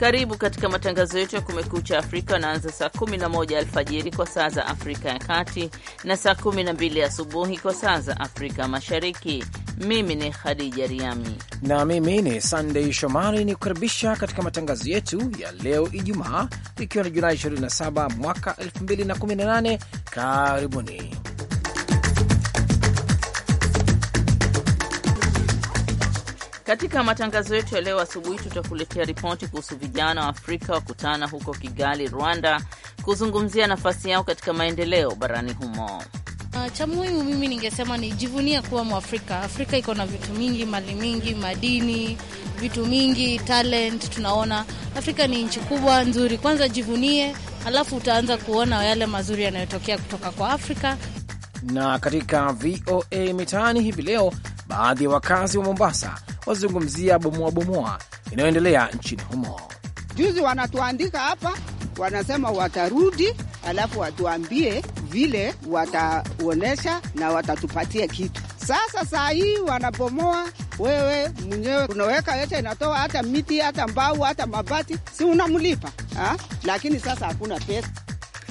Karibu katika matangazo yetu ya Kumekucha Afrika wanaanza saa 11 alfajiri kwa saa za Afrika ya Kati na saa 12 asubuhi kwa saa za Afrika Mashariki. Mimi ni Khadija Riami na mimi ni Sandei Shomari ni kukaribisha katika matangazo yetu ya leo Ijumaa, ikiwa ni Julai 27 mwaka 2018. Karibuni. Katika matangazo yetu ya leo asubuhi, tutakuletea ripoti kuhusu vijana wa Afrika wakutana huko Kigali, Rwanda, kuzungumzia nafasi yao katika maendeleo barani humo. Ah, cha muhimu mimi ningesema ni jivunia kuwa Mwafrika. Afrika iko na vitu mingi, mali mingi, madini, vitu mingi, talent. Tunaona Afrika ni nchi kubwa nzuri. Kwanza jivunie, alafu utaanza kuona yale mazuri yanayotokea kutoka kwa Afrika. Na katika VOA Mitaani hivi leo, baadhi ya wakazi wa Mombasa wazungumzia bomoa bomoa inayoendelea nchini humo. Juzi wanatuandika hapa, wanasema watarudi, alafu watuambie vile wataonyesha na watatupatia kitu. Sasa saa hii wanabomoa, wewe mwenyewe unaweka yote, inatoa hata miti, hata mbao, hata mabati, si unamlipa ha? Ah? Lakini sasa hakuna pesa.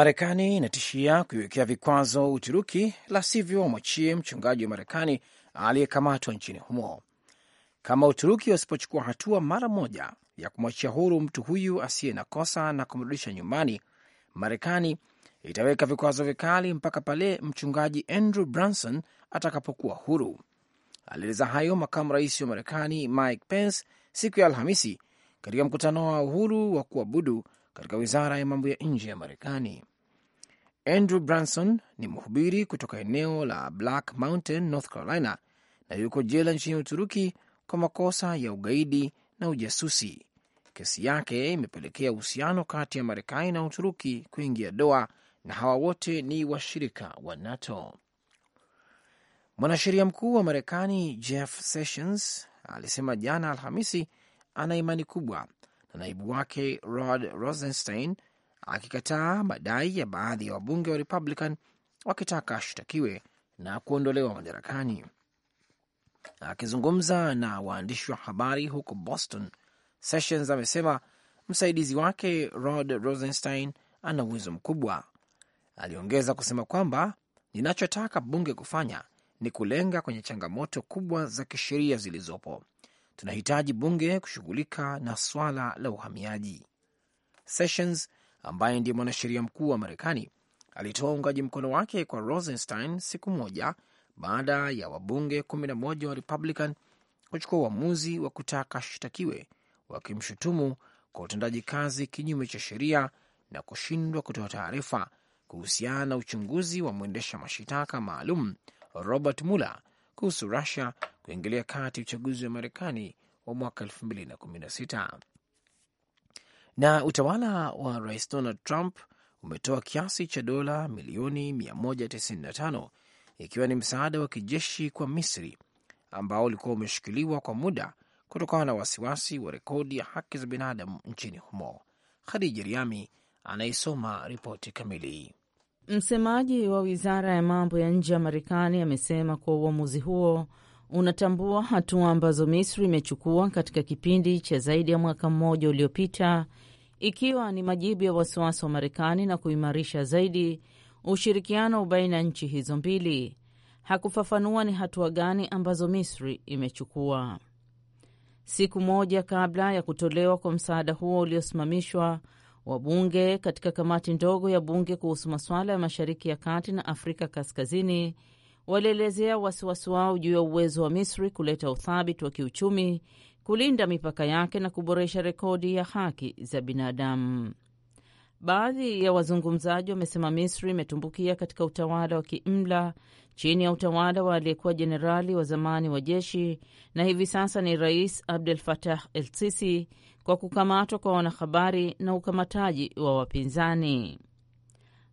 Marekani inatishia kuiwekea vikwazo Uturuki, la sivyo wamwachie mchungaji wa Marekani aliyekamatwa nchini humo. Kama Uturuki wasipochukua hatua mara moja ya kumwachia huru mtu huyu asiye na kosa na kumrudisha nyumbani, Marekani itaweka vikwazo vikali mpaka pale mchungaji Andrew Branson atakapokuwa huru. Alieleza hayo makamu rais wa Marekani Mike Pence siku ya Alhamisi katika mkutano wa uhuru wa kuabudu katika wizara ya mambo ya nje ya Marekani. Andrew Branson ni mhubiri kutoka eneo la Black Mountain, North Carolina, na yuko jela nchini Uturuki kwa makosa ya ugaidi na ujasusi. Kesi yake imepelekea uhusiano kati ya Marekani na Uturuki kuingia doa, na hawa wote ni washirika wa NATO. Mwanasheria mkuu wa Marekani Jeff Sessions alisema jana Alhamisi ana imani kubwa na naibu wake Rod Rosenstein akikataa madai ya baadhi ya wabunge wa Republican wakitaka ashtakiwe na kuondolewa madarakani. Akizungumza na waandishi wa habari huko Boston, Sessions amesema msaidizi wake Rod Rosenstein ana uwezo mkubwa. Aliongeza kusema kwamba ninachotaka bunge kufanya ni kulenga kwenye changamoto kubwa za kisheria zilizopo. Tunahitaji bunge kushughulika na swala la uhamiaji. Sessions ambaye ndiye mwanasheria mkuu wa Marekani alitoa uungaji mkono wake kwa Rosenstein siku moja baada ya wabunge 11 wa Republican kuchukua uamuzi wa kutaka ashtakiwe, wakimshutumu kwa utendaji kazi kinyume cha sheria na kushindwa kutoa taarifa kuhusiana na uchunguzi wa mwendesha mashitaka maalum Robert Mueller kuhusu Rusia kuingilia kati uchaguzi wa Marekani wa mwaka 2016. Na utawala wa Rais Donald Trump umetoa kiasi cha dola milioni 195 ikiwa ni msaada wa kijeshi kwa Misri ambao ulikuwa umeshikiliwa kwa muda kutokana na wasiwasi wa rekodi ya haki za binadamu nchini humo. Khadija Riami anaisoma ripoti kamili. Msemaji wa wizara ya mambo ya nje ya Marekani amesema kuwa uamuzi huo unatambua hatua ambazo Misri imechukua katika kipindi cha zaidi ya mwaka mmoja uliopita ikiwa ni majibu ya wasiwasi wa Marekani na kuimarisha zaidi ushirikiano baina ya nchi hizo mbili. Hakufafanua ni hatua gani ambazo Misri imechukua. Siku moja kabla ya kutolewa kwa msaada huo uliosimamishwa, wabunge katika kamati ndogo ya bunge kuhusu masuala ya Mashariki ya Kati na Afrika Kaskazini walielezea wasiwasi wao juu ya uwezo wa Misri kuleta uthabiti wa kiuchumi kulinda mipaka yake na kuboresha rekodi ya haki za binadamu. Baadhi ya wazungumzaji wamesema Misri imetumbukia katika utawala wa kiimla chini ya utawala wa aliyekuwa jenerali wa zamani wa jeshi na hivi sasa ni Rais Abdel Fattah El Sisi, kwa kukamatwa kwa wanahabari na ukamataji wa wapinzani.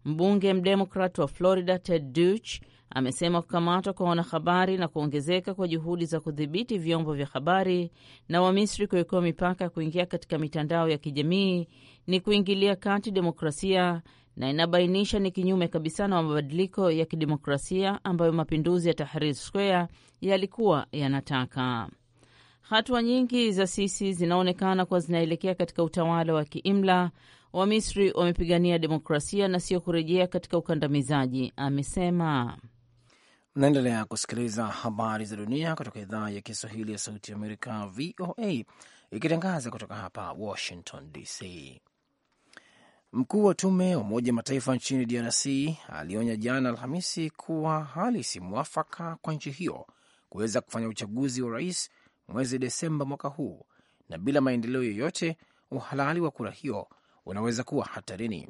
Mbunge mdemokrat wa Florida Ted Deutsch amesema kukamatwa kwa wanahabari na kuongezeka kwa juhudi za kudhibiti vyombo vya habari na Wamisri kuwekewa mipaka ya kuingia katika mitandao ya kijamii ni kuingilia kati demokrasia na inabainisha ni kinyume kabisa na mabadiliko ya kidemokrasia ambayo mapinduzi ya Tahrir Square yalikuwa yanataka. Hatua nyingi za Sisi zinaonekana kuwa zinaelekea katika utawala wa kiimla. Wamisri wamepigania demokrasia na sio kurejea katika ukandamizaji, amesema naendelea kusikiliza habari za dunia kutoka idhaa ya Kiswahili ya Sauti Amerika, VOA, ikitangaza kutoka hapa Washington DC. Mkuu wa tume ya Umoja Mataifa nchini DRC alionya jana Alhamisi kuwa hali si mwafaka kwa nchi hiyo kuweza kufanya uchaguzi wa rais mwezi Desemba mwaka huu, na bila maendeleo yoyote uhalali wa kura hiyo unaweza kuwa hatarini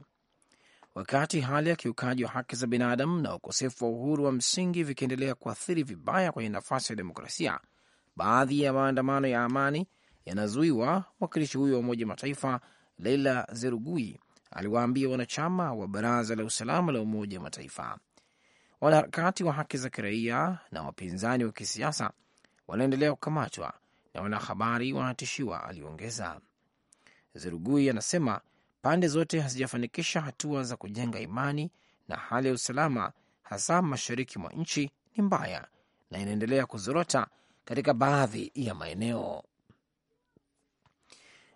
wakati hali ya kiukaji wa haki za binadamu na ukosefu wa uhuru wa msingi vikiendelea kuathiri vibaya kwenye nafasi ya demokrasia, baadhi ya maandamano ya amani yanazuiwa. Mwakilishi huyo wa Umoja Mataifa Leila Zerugui aliwaambia wanachama wa Baraza la Usalama la Umoja wa Mataifa. Wanaharakati wa haki za kiraia na wapinzani wa kisiasa wanaendelea kukamatwa na wanahabari wanatishiwa, aliongeza Zerugui. Anasema pande zote hazijafanikisha hatua za kujenga imani na hali ya usalama hasa mashariki mwa nchi ni mbaya na inaendelea kuzorota katika baadhi ya maeneo.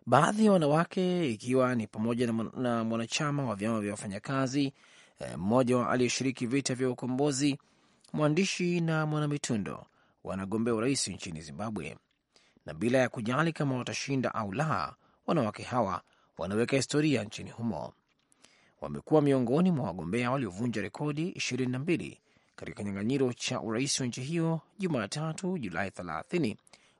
Baadhi ya wanawake ikiwa ni pamoja na mwanachama wa vyama vya wafanyakazi, eh, mmoja wa aliyeshiriki vita vya ukombozi, mwandishi na mwanamitundo wanagombea urais nchini Zimbabwe, na bila ya kujali kama watashinda au la, wanawake hawa wanaweka historia nchini humo. Wamekuwa miongoni mwa wagombea waliovunja rekodi 22 katika kinyang'anyiro cha urais wa nchi hiyo Jumatatu Julai 30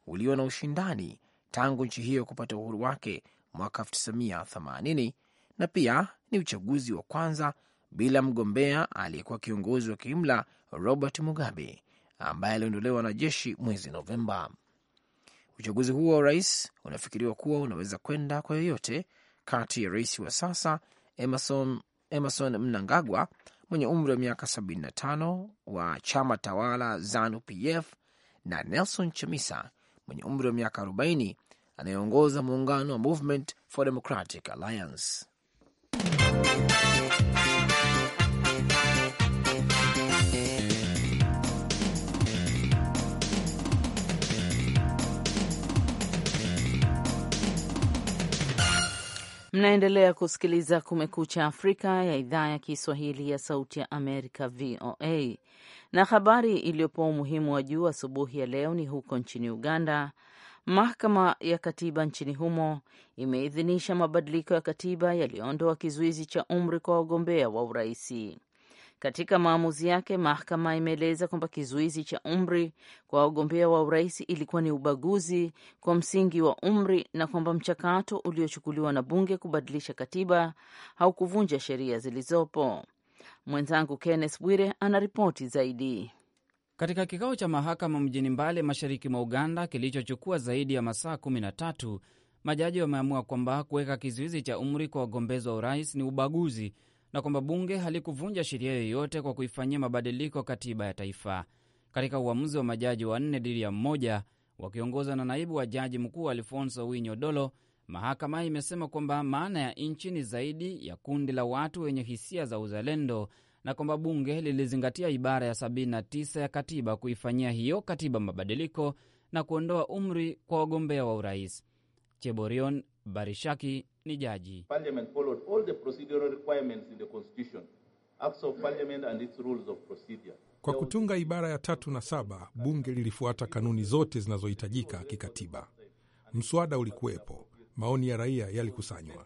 ulio na ushindani tangu nchi hiyo kupata uhuru wake mwaka 1980 na pia ni uchaguzi wa kwanza bila mgombea aliyekuwa kiongozi wa kiimla Robert Mugabe ambaye aliondolewa na jeshi mwezi Novemba. Uchaguzi huo wa urais unafikiriwa kuwa unaweza kwenda kwa yoyote kati ya rais wa sasa Emerson, Emerson Mnangagwa mwenye umri wa miaka 75 wa chama tawala ZANU-PF na Nelson Chamisa mwenye umri wa miaka 40 anayeongoza muungano wa Movement for Democratic Alliance. Mnaendelea kusikiliza Kumekucha Afrika ya idhaa ya Kiswahili ya Sauti ya Amerika, VOA. Na habari iliyopewa umuhimu wa juu asubuhi ya leo ni huko nchini Uganda. Mahakama ya Katiba nchini humo imeidhinisha mabadiliko ya katiba yaliyoondoa kizuizi cha umri kwa wagombea wa uraisi. Katika maamuzi yake, mahakama imeeleza kwamba kizuizi cha umri kwa wagombea wa urais ilikuwa ni ubaguzi kwa msingi wa umri na kwamba mchakato uliochukuliwa na bunge kubadilisha katiba haukuvunja sheria zilizopo. Mwenzangu Kenneth Bwire anaripoti zaidi. Katika kikao cha mahakama mjini Mbale, mashariki mwa Uganda, kilichochukua zaidi ya masaa 13 majaji wameamua kwamba kuweka kizuizi cha umri kwa wagombezi wa urais ni ubaguzi na kwamba bunge halikuvunja sheria yoyote kwa kuifanyia mabadiliko katiba ya taifa. Katika uamuzi wa majaji wanne dhidi ya mmoja wakiongozwa na naibu wa jaji mkuu Alfonso Winyo Dolo, mahakama imesema kwamba maana ya nchi ni zaidi ya kundi la watu wenye hisia za uzalendo na kwamba bunge lilizingatia ibara ya 79 ya katiba kuifanyia hiyo katiba mabadiliko na kuondoa umri kwa wagombea wa urais. Cheborion Barishaki ni jaji. Parliament followed all the procedural requirements in the constitution, acts of parliament and its rules of procedure. Kwa kutunga ibara ya tatu na saba, bunge lilifuata kanuni zote zinazohitajika kikatiba. Mswada ulikuwepo, maoni ya raia yalikusanywa,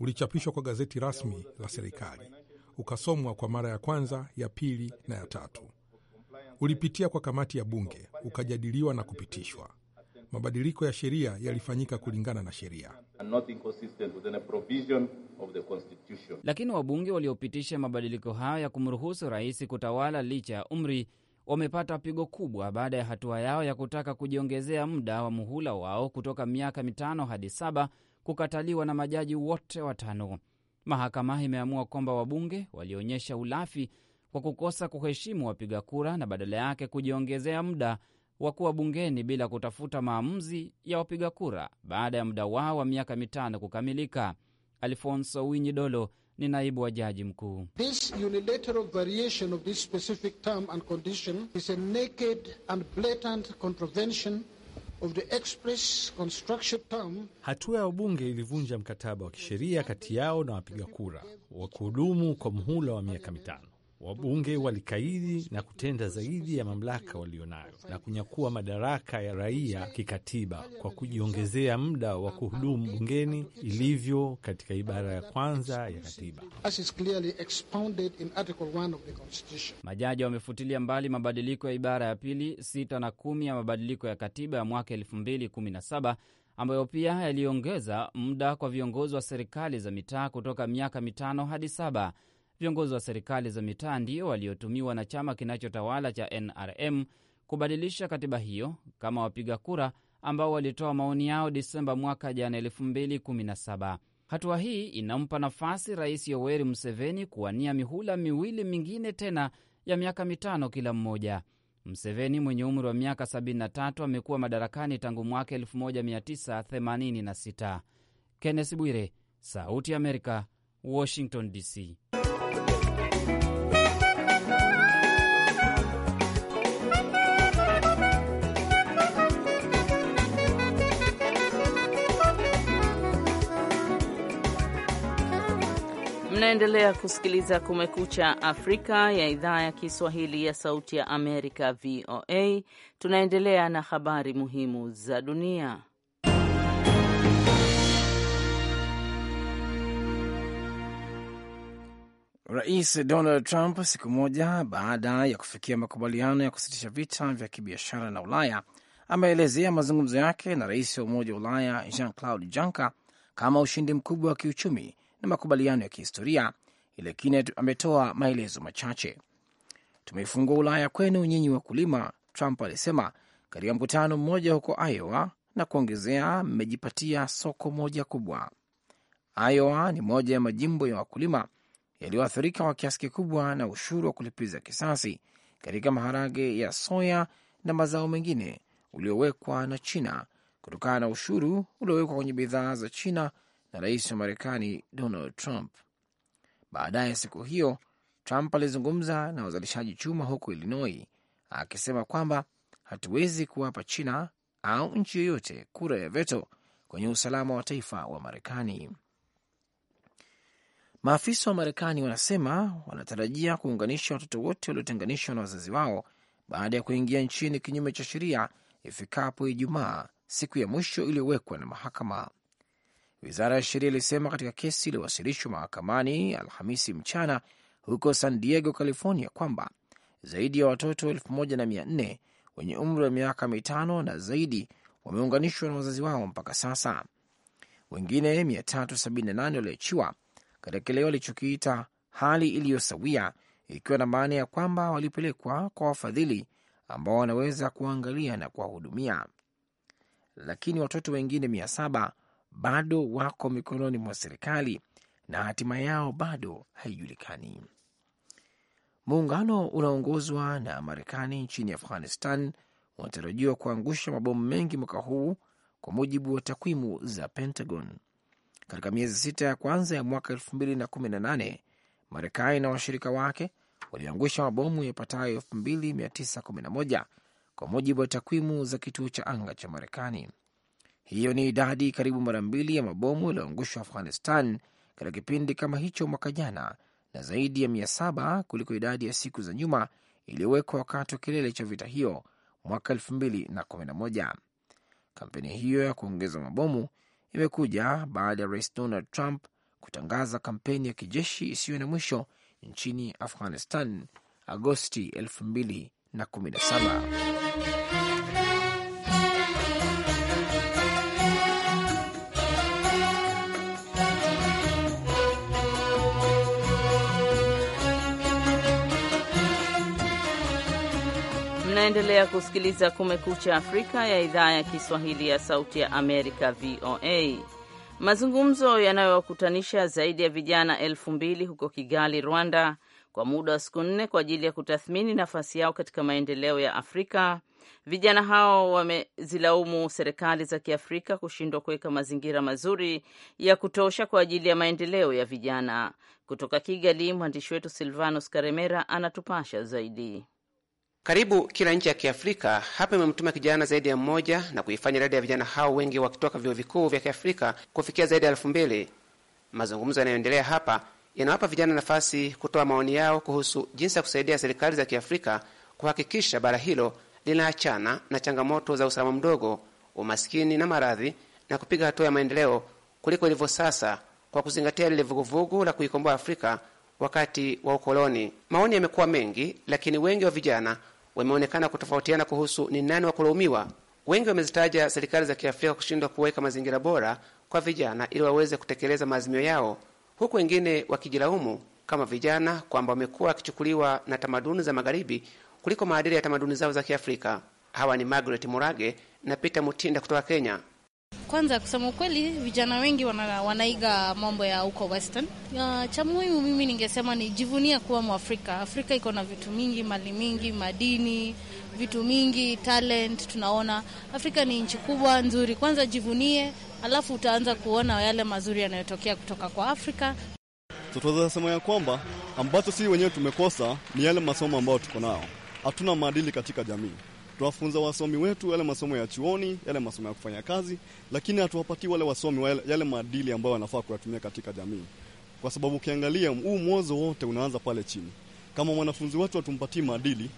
ulichapishwa kwa gazeti rasmi la serikali, ukasomwa kwa mara ya kwanza, ya pili na ya tatu, ulipitia kwa kamati ya bunge, ukajadiliwa na kupitishwa. Mabadiliko ya sheria yalifanyika kulingana na sheria. Lakini wabunge waliopitisha mabadiliko hayo ya kumruhusu rais kutawala licha ya umri wamepata pigo kubwa baada ya hatua yao ya kutaka kujiongezea muda wa muhula wao kutoka miaka mitano hadi saba kukataliwa na majaji wote watano. Mahakama imeamua kwamba wabunge walionyesha ulafi kwa kukosa kuheshimu wapiga kura na badala yake kujiongezea muda wa kuwa bungeni bila kutafuta maamuzi ya wapiga kura baada ya muda wao wa miaka mitano kukamilika. Alfonso Winyi Dolo ni naibu wa jaji mkuu. Hatua ya wabunge ilivunja mkataba wa kisheria kati yao na wapiga kura wa kuhudumu kwa mhula wa miaka mitano. Wabunge walikaidi na kutenda zaidi ya mamlaka walionayo na kunyakua madaraka ya raia kikatiba kwa kujiongezea muda wa kuhudumu bungeni ilivyo katika ibara ya kwanza ya katiba. Majaji wamefutilia mbali mabadiliko ya ibara ya pili, sita na kumi ya mabadiliko ya katiba ya mwaka elfu mbili kumi na saba ambayo pia yaliongeza muda kwa viongozi wa serikali za mitaa kutoka miaka mitano hadi saba viongozi wa serikali za mitaa ndio waliotumiwa na chama kinachotawala cha NRM kubadilisha katiba hiyo kama wapiga kura ambao walitoa maoni yao Disemba mwaka jana 2017. Hatua hii inampa nafasi Rais Yoweri Museveni kuwania mihula miwili mingine tena ya miaka mitano kila mmoja. Mseveni mwenye umri wa miaka 73 amekuwa madarakani tangu mwaka 1986. Kenneth Bwire, Sauti ya Amerika, Washington DC. Mnaendelea kusikiliza Kumekucha Afrika ya idhaa ya Kiswahili ya Sauti ya Amerika, VOA. Tunaendelea na habari muhimu za dunia. Rais Donald Trump siku moja baada ya kufikia makubaliano ya kusitisha vita vya kibiashara na Ulaya ameelezea mazungumzo yake na rais wa Umoja wa Ulaya Jean Claude Juncker kama ushindi mkubwa wa kiuchumi na makubaliano ya kihistoria, lakini ametoa maelezo machache. Tumeifungua Ulaya kwenu nyinyi wakulima, Trump alisema katika mkutano mmoja huko Iowa na kuongezea, mmejipatia soko moja kubwa. Iowa ni moja ya majimbo ya wakulima yaliyoathirika kwa kiasi kikubwa na ushuru wa kulipiza kisasi katika maharage ya soya na mazao mengine uliowekwa na China kutokana na ushuru uliowekwa kwenye bidhaa za China na rais wa Marekani Donald Trump. Baadaye siku hiyo Trump alizungumza na wazalishaji chuma huko Illinois akisema kwamba hatuwezi kuwapa China au nchi yoyote kura ya veto kwenye usalama wa taifa wa Marekani. Maafisa wa Marekani wanasema wanatarajia kuunganisha watoto wote waliotenganishwa na wazazi wao baada ya kuingia nchini kinyume cha sheria ifikapo Ijumaa, siku ya mwisho iliyowekwa na mahakama. Wizara ya sheria ilisema katika kesi iliyowasilishwa mahakamani Alhamisi mchana huko San Diego, California, kwamba zaidi ya watoto elfu moja na mia nne wenye umri wa miaka mitano na zaidi wameunganishwa na wazazi wao mpaka sasa. Wengine 378 waliachiwa katika kile walichokiita hali iliyosawia, ikiwa na maana ya kwamba walipelekwa kwa wafadhili ambao wanaweza kuangalia na kuwahudumia, lakini watoto wengine mia saba bado wako mikononi mwa serikali na hatima yao bado haijulikani. Muungano unaongozwa na Marekani nchini Afghanistan unatarajiwa kuangusha mabomu mengi mwaka huu kwa mujibu wa takwimu za Pentagon. Katika miezi sita ya kwanza ya mwaka elfu mbili na kumi na nane Marekani na washirika wake waliangusha mabomu yapatayo elfu mbili mia tisa kumi na moja kwa mujibu wa takwimu za kituo cha anga cha Marekani. Hiyo ni idadi karibu mara mbili ya mabomu yaliyoangushwa Afghanistan katika kipindi kama hicho mwaka jana na zaidi ya mia saba kuliko idadi ya siku za nyuma iliyowekwa wakati wa kilele cha vita hiyo mwaka elfu mbili na kumi na moja. Kampeni hiyo ya kuongeza mabomu imekuja baada ya rais Donald Trump kutangaza kampeni ya kijeshi isiyo na mwisho nchini Afghanistan Agosti elfu mbili na kumi na saba. Unaendelea kusikiliza Kumekucha Afrika ya idhaa ya Kiswahili ya Sauti ya Amerika, VOA. Mazungumzo yanayowakutanisha zaidi ya vijana elfu mbili huko Kigali, Rwanda, kwa muda wa siku nne kwa ajili ya kutathmini nafasi yao katika maendeleo ya Afrika. Vijana hao wamezilaumu serikali za Kiafrika kushindwa kuweka mazingira mazuri ya kutosha kwa ajili ya maendeleo ya vijana. Kutoka Kigali, mwandishi wetu Silvanus Karemera anatupasha zaidi. Karibu kila nchi ya Kiafrika hapa imemtuma kijana zaidi ya mmoja na kuifanya idadi ya vijana hao wengi wakitoka vyuo vikuu vya Kiafrika kufikia zaidi ya elfu mbili. Mazungumzo yanayoendelea hapa yanawapa vijana nafasi kutoa maoni yao kuhusu jinsi ya kusaidia serikali za Kiafrika kuhakikisha bara hilo linaachana na changamoto za usalama mdogo, umaskini na maradhi na kupiga hatua ya maendeleo kuliko ilivyo sasa, kwa kuzingatia lile vuguvugu la kuikomboa Afrika wakati wa ukoloni. Maoni yamekuwa mengi, lakini wengi wa vijana wameonekana kutofautiana kuhusu ni nani wa kulaumiwa. Wengi wamezitaja serikali za Kiafrika kushindwa kuweka mazingira bora kwa vijana ili waweze kutekeleza maazimio yao, huku wengine wakijilaumu kama vijana kwamba wamekuwa wakichukuliwa na tamaduni za magharibi kuliko maadili ya tamaduni zao za Kiafrika. Hawa ni Margaret Murage na Peter Mutinda kutoka Kenya. Kwanza kusema ukweli, vijana wengi wana, wanaiga mambo ya huko western. Uh, cha muhimu mimi ningesema ni jivunia kuwa Mwafrika. Afrika iko na vitu mingi, mali mingi, madini, vitu mingi, talent. Tunaona Afrika ni nchi kubwa nzuri. Kwanza jivunie, alafu utaanza kuona yale mazuri yanayotokea kutoka kwa Afrika. Tutaweza sema ya kwamba ambacho si wenyewe tumekosa ni yale masomo ambayo tuko nayo. Hatuna maadili katika jamii tuwafunza wasomi wetu yale masomo ya chuoni, yale masomo ya kufanya kazi, lakini hatuwapati wale wasomi wale, yale maadili ambayo wanafaa kuyatumia katika jamii, kwa sababu ukiangalia huu mwozo wote unaanza pale chini. Kama mwanafunzi wetu hatumpatii maadili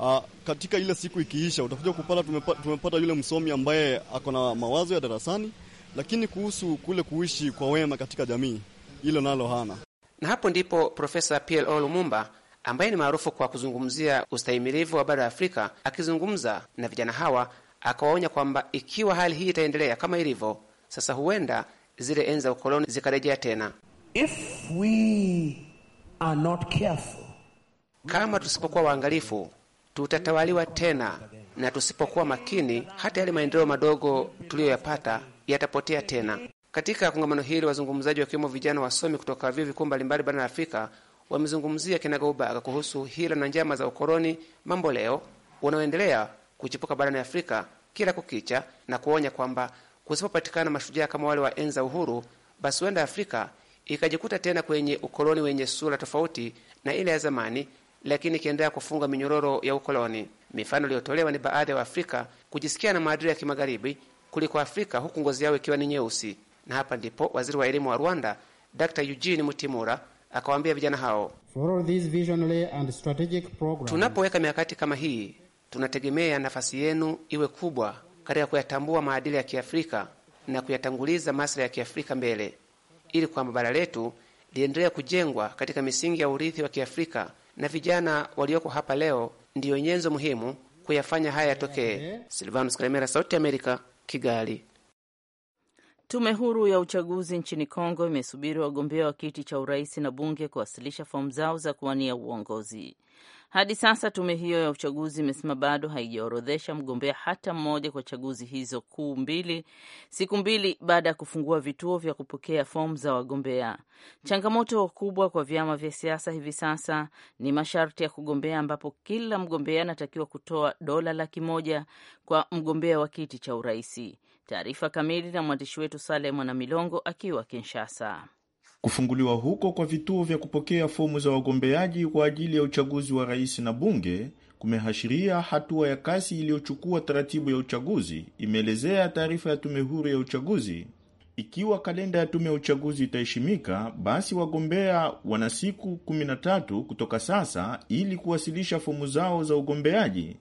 Aa, katika ile siku ikiisha utakuja kupata tumepata, tumepata yule msomi ambaye ako na mawazo ya darasani, lakini kuhusu kule kuishi kwa wema katika jamii, hilo nalo hana. Na hapo ndipo Profesa PLO Lumumba ambaye ni maarufu kwa kuzungumzia ustahimilivu wa bara la Afrika, akizungumza na vijana hawa akawaonya kwamba ikiwa hali hii itaendelea kama ilivyo sasa, huenda zile enzi za ukoloni zikarejea tena If we are not careful, kama tusipokuwa waangalifu tutatawaliwa tena, na tusipokuwa makini hata yale maendeleo madogo tuliyoyapata yatapotea tena. Katika kongamano hili wazungumzaji wakiwemo vijana wasomi kutoka vyuo vikuu mbalimbali barani Afrika wamezungumzia kinagaubaga kuhusu hila na njama za ukoloni leo unaoendelea kuchipuka barani Afrika kila kukicha na kuonya kwamba kusipopatikana mashujaa kama wale wa enza uhuru, basi huenda Afrika ikajikuta tena kwenye ukoloni wenye sura tofauti na ile ya zamani, lakini ikiendelea kufunga minyororo ya ukoloni. Mifano iliyotolewa ni baadhi ya Waafrika kujisikia na maadili ya kimagharibi kuliko Afrika, huku ngozi yao ikiwa ni nyeusi. Na hapa ndipo waziri wa elimu wa Rwanda Dr Eugene Mutimura Akawaambia vijana hao, tunapoweka mikakati kama hii, tunategemea nafasi yenu iwe kubwa katika kuyatambua maadili ya Kiafrika na kuyatanguliza maslahi ya Kiafrika mbele ili kwamba bara letu liendelea kujengwa katika misingi ya urithi wa Kiafrika, na vijana walioko hapa leo ndiyo nyenzo muhimu kuyafanya haya yatokee. Silvanus Kalemera, Sauti ya Amerika, Kigali. Tume huru ya uchaguzi nchini Kongo imesubiri wagombea wa kiti cha urais na bunge kuwasilisha fomu zao za kuwania uongozi. Hadi sasa tume hiyo ya uchaguzi imesema bado haijaorodhesha mgombea hata mmoja kwa chaguzi hizo kuu mbili, siku mbili baada ya kufungua vituo vya kupokea fomu za wagombea. Changamoto kubwa kwa vyama vya siasa hivi sasa ni masharti ya kugombea, ambapo kila mgombea anatakiwa kutoa dola laki moja kwa mgombea wa kiti cha uraisi. Taarifa kamili na mwandishi wetu Sale Mwana Milongo akiwa Kinshasa. Kufunguliwa huko kwa vituo vya kupokea fomu za wagombeaji kwa ajili ya uchaguzi wa rais na bunge kumehashiria hatua ya kasi iliyochukua taratibu ya uchaguzi, imeelezea taarifa ya tume huru ya uchaguzi. Ikiwa kalenda ya tume ya uchaguzi itaheshimika, basi wagombea wana siku 13 kutoka sasa ili kuwasilisha fomu zao za ugombeaji.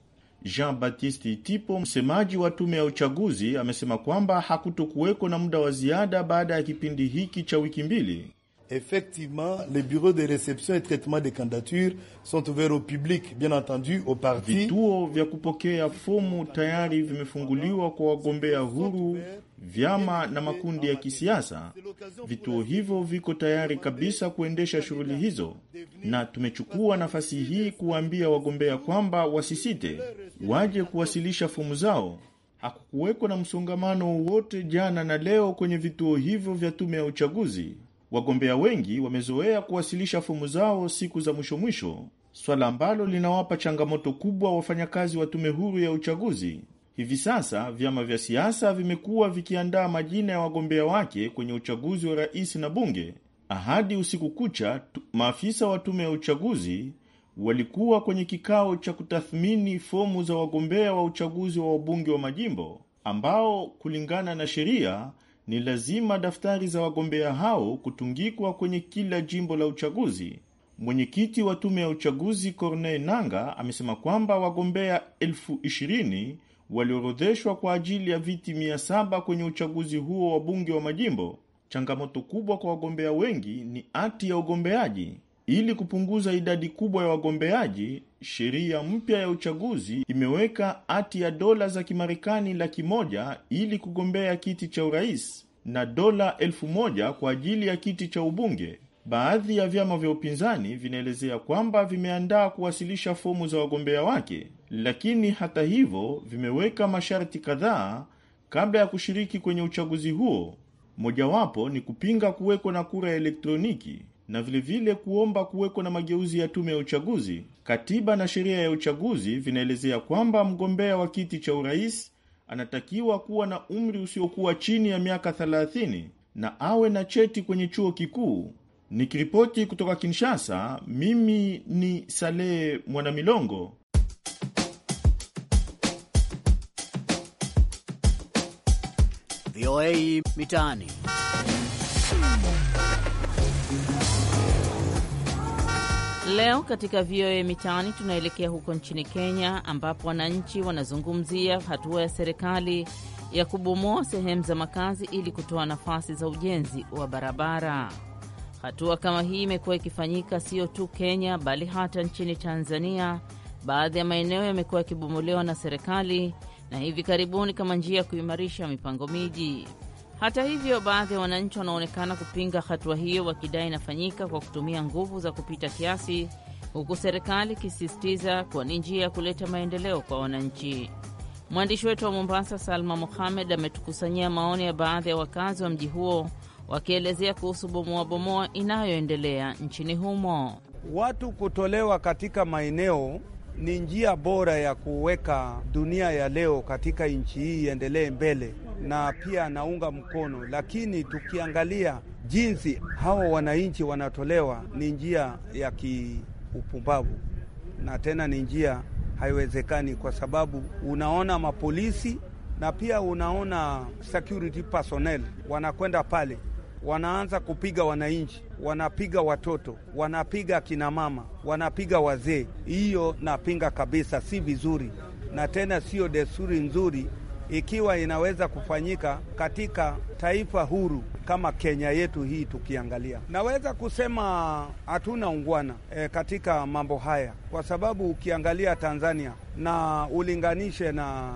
Jean-Baptiste Tipo, msemaji wa tume ya uchaguzi, amesema kwamba hakutokuweko na muda wa ziada baada ya kipindi hiki cha wiki mbili. Effectivement, les bureaux de reception et traitement des candidatures sont ouverts au public, bien entendu, au parti. Vituo vya kupokea fomu tayari vimefunguliwa kwa wagombea huru, vyama na makundi ya kisiasa. Vituo hivyo viko tayari kabisa kuendesha shughuli hizo, na tumechukua nafasi hii kuwaambia wagombea kwamba wasisite, waje kuwasilisha fomu zao. Hakukuweko na msongamano wowote jana na leo kwenye vituo hivyo vya tume ya uchaguzi. Wagombea wengi wamezoea kuwasilisha fomu zao siku za mwisho mwisho, swala ambalo linawapa changamoto kubwa wafanyakazi wa tume huru ya uchaguzi. Hivi sasa vyama vya siasa vimekuwa vikiandaa majina ya wagombea wake kwenye uchaguzi wa rais na bunge. Ahadi usiku kucha, maafisa wa tume ya uchaguzi walikuwa kwenye kikao cha kutathmini fomu za wagombea wa uchaguzi wa wabunge wa majimbo ambao kulingana na sheria ni lazima daftari za wagombea hao kutungikwa kwenye kila jimbo la uchaguzi. Mwenyekiti wa tume ya uchaguzi Corneille Nanga amesema kwamba wagombea elfu ishirini waliorodheshwa kwa ajili ya viti 700 kwenye uchaguzi huo wa bunge wa majimbo. Changamoto kubwa kwa wagombea wengi ni ati ya ugombeaji ili kupunguza idadi kubwa ya wagombeaji, sheria mpya ya uchaguzi imeweka hati ya dola za Kimarekani laki moja ili kugombea kiti cha urais na dola elfu moja kwa ajili ya kiti cha ubunge. Baadhi ya vyama vya upinzani vinaelezea kwamba vimeandaa kuwasilisha fomu za wagombea wake, lakini hata hivyo vimeweka masharti kadhaa kabla ya kushiriki kwenye uchaguzi huo. Mojawapo ni kupinga kuwekwa na kura ya elektroniki na vilevile vile kuomba kuweko na mageuzi ya tume ya uchaguzi. Katiba na sheria ya uchaguzi vinaelezea kwamba mgombea wa kiti cha urais anatakiwa kuwa na umri usiokuwa chini ya miaka 30 na awe na cheti kwenye chuo kikuu. Nikiripoti kutoka Kinshasa, mimi ni Saleh Mwanamilongo. VOA Mitaani. Leo katika VOA Mitaani tunaelekea huko nchini Kenya, ambapo wananchi wanazungumzia hatua ya serikali ya kubomoa sehemu za makazi ili kutoa nafasi za ujenzi wa barabara. Hatua kama hii imekuwa ikifanyika sio tu Kenya, bali hata nchini Tanzania. Baadhi ya maeneo yamekuwa yakibomolewa na serikali na hivi karibuni, kama njia ya kuimarisha mipango miji. Hata hivyo, baadhi ya wananchi wanaonekana kupinga hatua hiyo, wakidai inafanyika kwa kutumia nguvu za kupita kiasi, huku serikali ikisisitiza kuwa ni njia ya kuleta maendeleo kwa wananchi. Mwandishi wetu wa Mombasa, Salma Mohamed, ametukusanyia maoni ya baadhi ya wakazi wa mji huo wakielezea kuhusu bomoabomoa inayoendelea nchini humo. Watu kutolewa katika maeneo ni njia bora ya kuweka dunia ya leo katika nchi hii iendelee mbele, na pia naunga mkono, lakini tukiangalia jinsi hawa wananchi wanatolewa, ni njia ya kiupumbavu na tena ni njia haiwezekani, kwa sababu unaona mapolisi na pia unaona security personnel wanakwenda pale wanaanza kupiga wananchi, wanapiga watoto, wanapiga mama, wanapiga wazee. Hiyo napinga kabisa, si vizuri na tena siyo desturi nzuri ikiwa inaweza kufanyika katika taifa huru kama Kenya yetu hii. Tukiangalia, naweza kusema hatuna ungwana e, katika mambo haya, kwa sababu ukiangalia Tanzania na ulinganishe na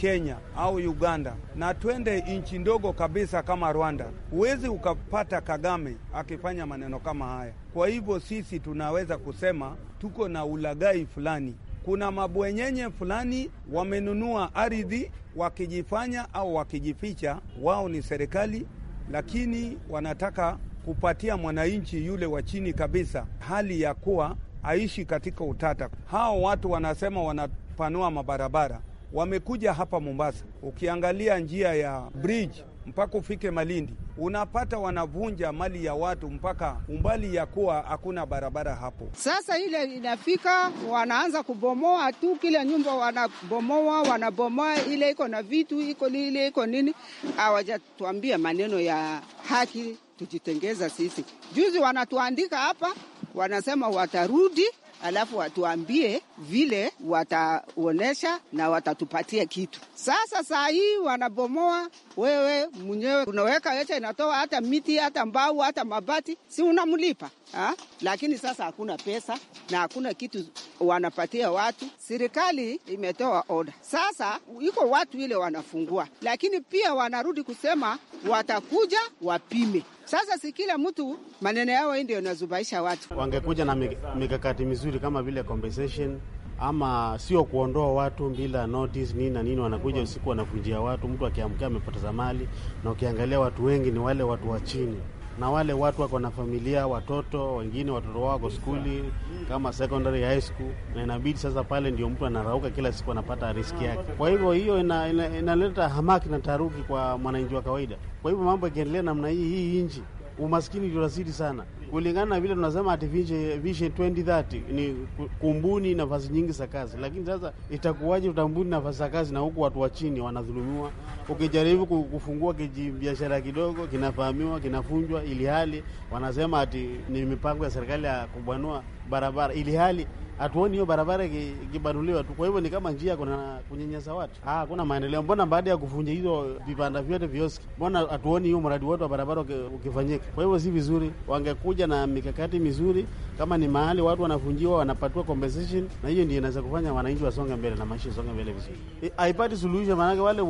Kenya au Uganda na twende nchi ndogo kabisa kama Rwanda, huwezi ukapata Kagame akifanya maneno kama haya. Kwa hivyo sisi tunaweza kusema tuko na ulagai fulani. Kuna mabwenyenye fulani wamenunua ardhi wakijifanya au wakijificha wao ni serikali, lakini wanataka kupatia mwananchi yule wa chini kabisa hali ya kuwa aishi katika utata. Hao watu wanasema wanapanua mabarabara wamekuja hapa Mombasa. Ukiangalia njia ya bridge mpaka ufike Malindi, unapata wanavunja mali ya watu mpaka umbali ya kuwa hakuna barabara hapo. Sasa ile inafika, wanaanza kubomoa tu kila nyumba, wanabomoa wanabomoa, ile iko na vitu iko ile iko nini. Hawajatuambia maneno ya haki, tujitengeza sisi. Juzi wanatuandika hapa, wanasema watarudi, alafu watuambie vile wataonesha na watatupatia kitu. Sasa saa hii wanabomoa, wewe mwenyewe unaweka echa, inatoa hata miti hata mbau hata mabati, si unamlipa ha? Lakini sasa hakuna pesa na hakuna kitu wanapatia watu. Serikali imetoa oda sasa, iko watu ile wanafungua, lakini pia wanarudi kusema watakuja wapime. Sasa si kila mtu maneno yao ndio inazubaisha watu. Wangekuja na mikakati mizuri kama vile compensation ama sio kuondoa watu bila notice nini na nini, wanakuja usiku wanakujia watu, mtu akiamkia amepoteza mali. Na ukiangalia watu wengi ni wale watu wa chini na wale watu wako na familia, watoto wengine, watoto wao wako skuli kama secondary, high school, na inabidi sasa pale ndio mtu anarauka kila siku anapata riski yake. Kwa hivyo hiyo inaleta ina, ina hamaki na taruki kwa mwananchi wa kawaida. Kwa hivyo mambo yakiendelea namna hii, hii nchi umaskini ndio unazidi sana kulingana na vile tunasema ati vision 2030 ni kumbuni nafasi nyingi za kazi, lakini sasa itakuwaje utambuni nafasi za kazi na huku watu wa chini wanadhulumiwa? Ukijaribu kufungua kijibiashara kidogo kinafahamiwa, kinafunjwa, ili hali wanasema ati ni mipango ya serikali ya kubwanua barabara, ili hali hatuoni hiyo barabara ikibanuliwa tu. Kwa hivyo ni kama njia kuna kunyenyesa watu, ah, kuna maendeleo. Mbona baada ya kuvunja hizo vibanda vyote vioski, mbona hatuoni hiyo mradi wote wa barabara ukifanyika? Kwa hivyo si vizuri, wangekuja na mikakati mizuri. Kama ni mahali watu wanavunjiwa, wanapatiwa compensation, na hiyo ndio inaweza kufanya wananchi wasonge mbele na maisha songe mbele vizuri. Haipati suluhisho, maanake wale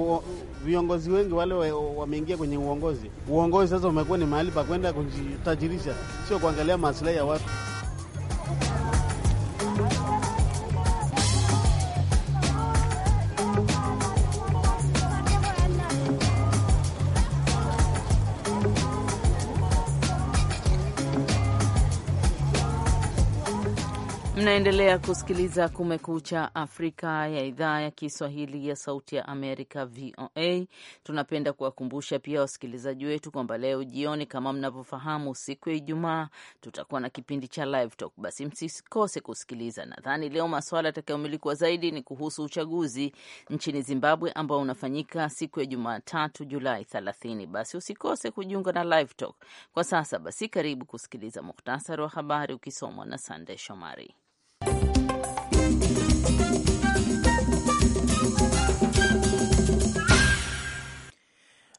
viongozi wengi wale wameingia kwenye uongozi. Uongozi sasa umekuwa ni mahali pa kwenda kujitajirisha, sio kuangalia maslahi ya watu. Okay. Mnaendelea kusikiliza Kumekucha Afrika ya idhaa ya Kiswahili ya Sauti ya Amerika, VOA. Tunapenda kuwakumbusha pia wasikilizaji wetu kwamba leo jioni, kama mnavyofahamu, siku ya Ijumaa tutakuwa na kipindi cha Live Talk, basi msikose kusikiliza. Nadhani leo maswala yatakayomilikwa zaidi ni kuhusu uchaguzi nchini Zimbabwe ambao unafanyika siku ya Jumatatu, Julai 30. Basi usikose kujiunga na Live Talk. Kwa sasa basi, karibu kusikiliza muhtasari wa habari ukisomwa na sandey Shomari.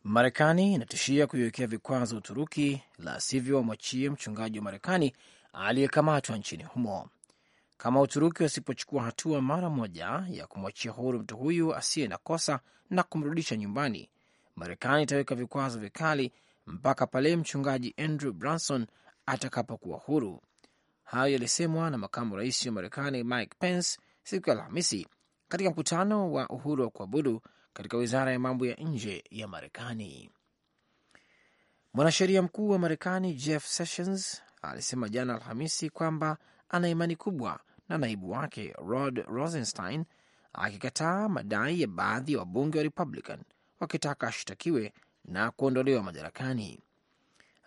Marekani inatishia kuiwekea vikwazo Uturuki, la sivyo wamwachie mchungaji wa Marekani aliyekamatwa nchini humo. Kama Uturuki wasipochukua hatua mara moja ya kumwachia huru mtu huyu asiye na kosa na kumrudisha nyumbani, Marekani itaweka vikwazo vikali mpaka pale mchungaji Andrew Branson atakapokuwa huru, Hayo yalisemwa na makamu rais wa Marekani Mike Pence siku ya Alhamisi katika mkutano wa uhuru wa kuabudu katika wizara ya mambo ya nje ya Marekani. Mwanasheria mkuu wa Marekani Jeff Sessions alisema jana Alhamisi kwamba ana imani kubwa na naibu wake Rod Rosenstein, akikataa madai ya baadhi ya wa wabunge wa Republican wakitaka ashtakiwe na kuondolewa madarakani.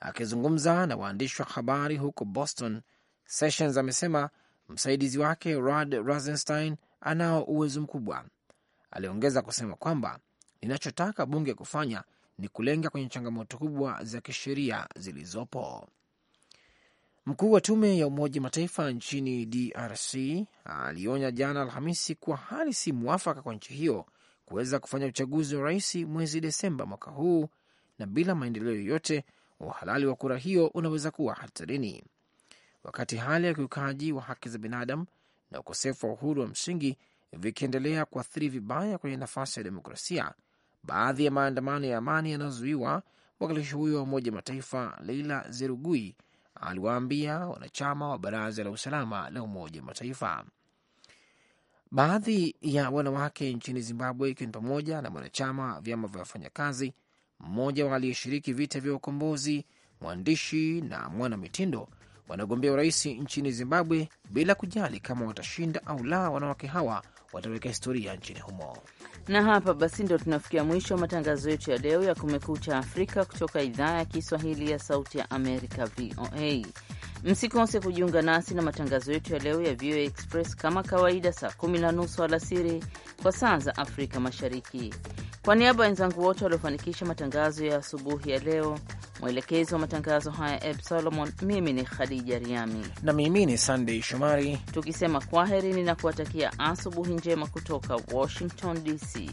Akizungumza na waandishi wa habari huko Boston, Sessions amesema msaidizi wake Rod Rosenstein anao uwezo mkubwa. Aliongeza kusema kwamba ninachotaka bunge kufanya ni kulenga kwenye changamoto kubwa za kisheria zilizopo. Mkuu wa tume ya Umoja Mataifa nchini DRC alionya jana Alhamisi kuwa hali si mwafaka kwa nchi hiyo kuweza kufanya uchaguzi wa rais mwezi Desemba mwaka huu, na bila maendeleo yoyote uhalali wa kura hiyo unaweza kuwa hatarini wakati hali ya ukiukaji wa haki za binadamu na ukosefu wa uhuru wa msingi vikiendelea kuathiri vibaya kwenye nafasi ya demokrasia. Baadhi ya maandamano ya amani yanayozuiwa, mwakilishi huyo wa Umoja Mataifa Leila Zerugui aliwaambia wanachama wa Baraza la Usalama la Umoja Mataifa. Baadhi ya wanawake nchini Zimbabwe, ikiwa ni pamoja na mwanachama vyama vya wafanyakazi, mmoja wa aliyeshiriki vita vya ukombozi, mwandishi na mwanamitindo mitindo wanagombea urais nchini Zimbabwe bila kujali kama watashinda au la. Wanawake hawa wataweka historia nchini humo. Na hapa basi ndo tunafikia mwisho wa matangazo yetu ya leo ya Kumekucha Afrika kutoka idhaa ya Kiswahili ya Sauti ya Amerika, VOA. Msikose kujiunga nasi na matangazo yetu ya leo ya VOA Express kama kawaida, saa kumi na nusu alasiri kwa saa za Afrika Mashariki. Kwa niaba ya wenzangu wote waliofanikisha matangazo ya asubuhi ya leo, mwelekezi wa matangazo haya Eb Solomon, mimi ni Khadija Riami na mimi ni Sandey Shomari, tukisema kwaheri, ninakuwatakia asubuhi njema kutoka Washington DC.